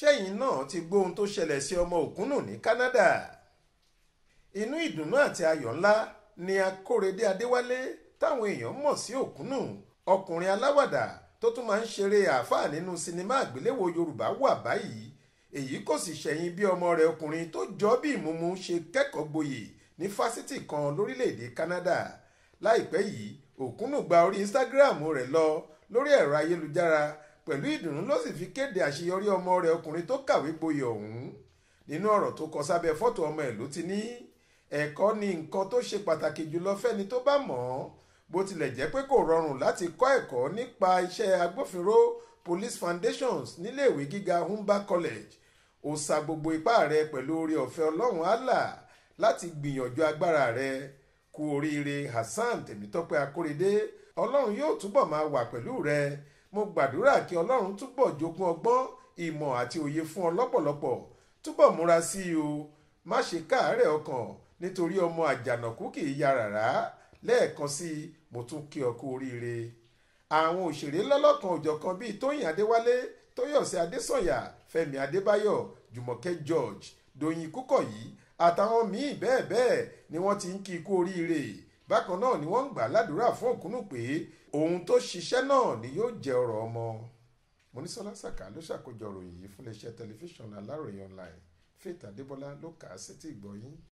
ṣẹ́yìn náà ti gbóhun tó ṣẹlẹ̀ sí ọmọ òkúnnù ní Canada inú ìdùnnú àti ayọ̀ ńlá ni akórèdé adéwálé táwọn èèyàn mọ̀ sí òkúnnù ọkùnrin aláwàdà tó tún máa ń ṣeré àáfàá nínú sinimá àgbéléwò yorùbá wà báyìí èyí kò sì ṣẹ̀yìn bí ọmọ rẹ̀ ọkùnrin tó jọ bí ìmúmu ṣe kẹ́kọ̀ọ́ gboyè ní fásitì kan lórílẹ̀‐èdè Canada láìpẹ́ yìí òkúnnù gba orí Instagram rẹ̀ lọ lórí ẹ̀rọ ayélujára pẹ̀lú ìdùnnú ló sì fi kéde àṣeyọrí ọmọ rẹ̀ ọkùnrin tó kàwé gboyè ọ̀hún nínú ọ̀rọ̀ tó kọ sábẹ́ fọ́tò ọmọ ẹ̀ ló ti ní ẹ̀kọ́ ni nǹkan tó ṣe pàtàkì jùlọ fẹ́ni tó bá mọ̀ ọ́ bó tilẹ̀ jẹ́ pé kò rọrùn láti kọ́ ẹ̀kọ́ nípa iṣẹ́ agbófinró police foundations níléèwé gíga humba college ó sa gbogbo ipá rẹ̀ pẹ̀lú oore ọ̀fẹ́ ọlọ́run allah láti gbìyànjú agbára rẹ̀ kú oríire Hasan Tèmítọ́pẹ́ Akórèdé ọlọ́run yóò túbọ̀ máa wà pẹ̀lú rẹ̀ mo gbàdúrà kí ọlọ́run túbọ̀ jogún ọgbọ́n ìmọ̀ àti òye fún ọ lọ́pọ̀lọpọ̀ túbọ̀ múra sí i o má ṣe káàárẹ̀ ọkàn nítorí ọmọ àjànàkú kì í ya rárá lẹ́ẹ̀kan sí i mo tún kí ọ kú oríire. àwọn òṣèré lọ́lọ́kan òjọ̀kan bíi tóyìn adéwálé tóyọ̀sí adésànyà fẹ́mi adébáyọ̀ jùmọ̀kẹ́ george dòyìn kúkọ̀yí àtàwọn míì bẹ́ẹ̀ bẹ́ẹ̀ ni wọ́n ti ń kí i oríire bákan náà ni wọ́n ń gbà ládùúrà fún Òkúnnù pé ohun tó ṣiṣẹ́ náà ni yóò jẹ́ ọ̀rọ̀ ọmọ Mọ́nísọ́lá Sàká ló ṣàkójọ ìròyìn yìí fún iléeṣẹ́ tẹlifíṣàn Aláròye online Faith Adébọ́lá ló kà á sétí ìgbọ́